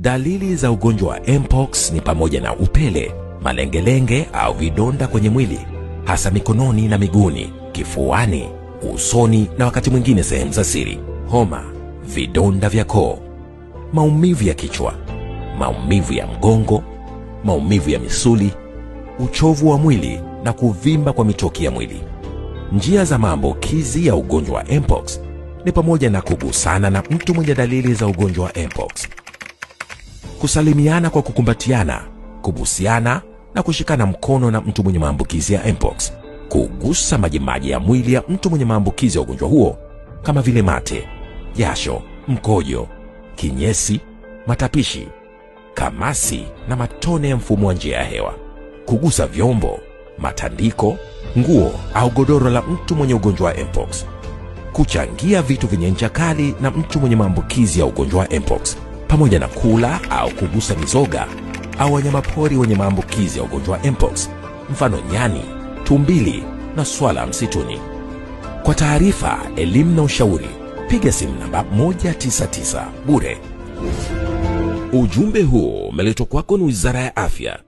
Dalili za ugonjwa wa mpox ni pamoja na upele, malengelenge au vidonda kwenye mwili, hasa mikononi na miguuni, kifuani, usoni na wakati mwingine sehemu za siri, homa, vidonda vya koo, maumivu ya kichwa, maumivu ya mgongo, maumivu ya misuli, uchovu wa mwili na kuvimba kwa mitoki ya mwili. Njia za maambukizi ya ugonjwa wa mpox ni pamoja na kugusana na mtu mwenye dalili za ugonjwa wa mpox kusalimiana kwa kukumbatiana, kubusiana na kushikana mkono na mtu mwenye maambukizi ya mpox, kugusa majimaji ya mwili ya mtu mwenye maambukizi ya ugonjwa huo kama vile mate, jasho, mkojo, kinyesi, matapishi, kamasi na matone ya mfumo wa njia ya hewa, kugusa vyombo, matandiko, nguo au godoro la mtu mwenye ugonjwa wa mpox, kuchangia vitu vyenye ncha kali na mtu mwenye maambukizi ya ugonjwa wa mpox pamoja na kula au kugusa mizoga au wanyamapori wenye maambukizi ya ugonjwa wa mpox, mfano nyani, tumbili na swala msituni. Kwa taarifa, elimu na ushauri, piga simu namba 199 bure. Ujumbe huu umeletwa kwako na Wizara ya Afya.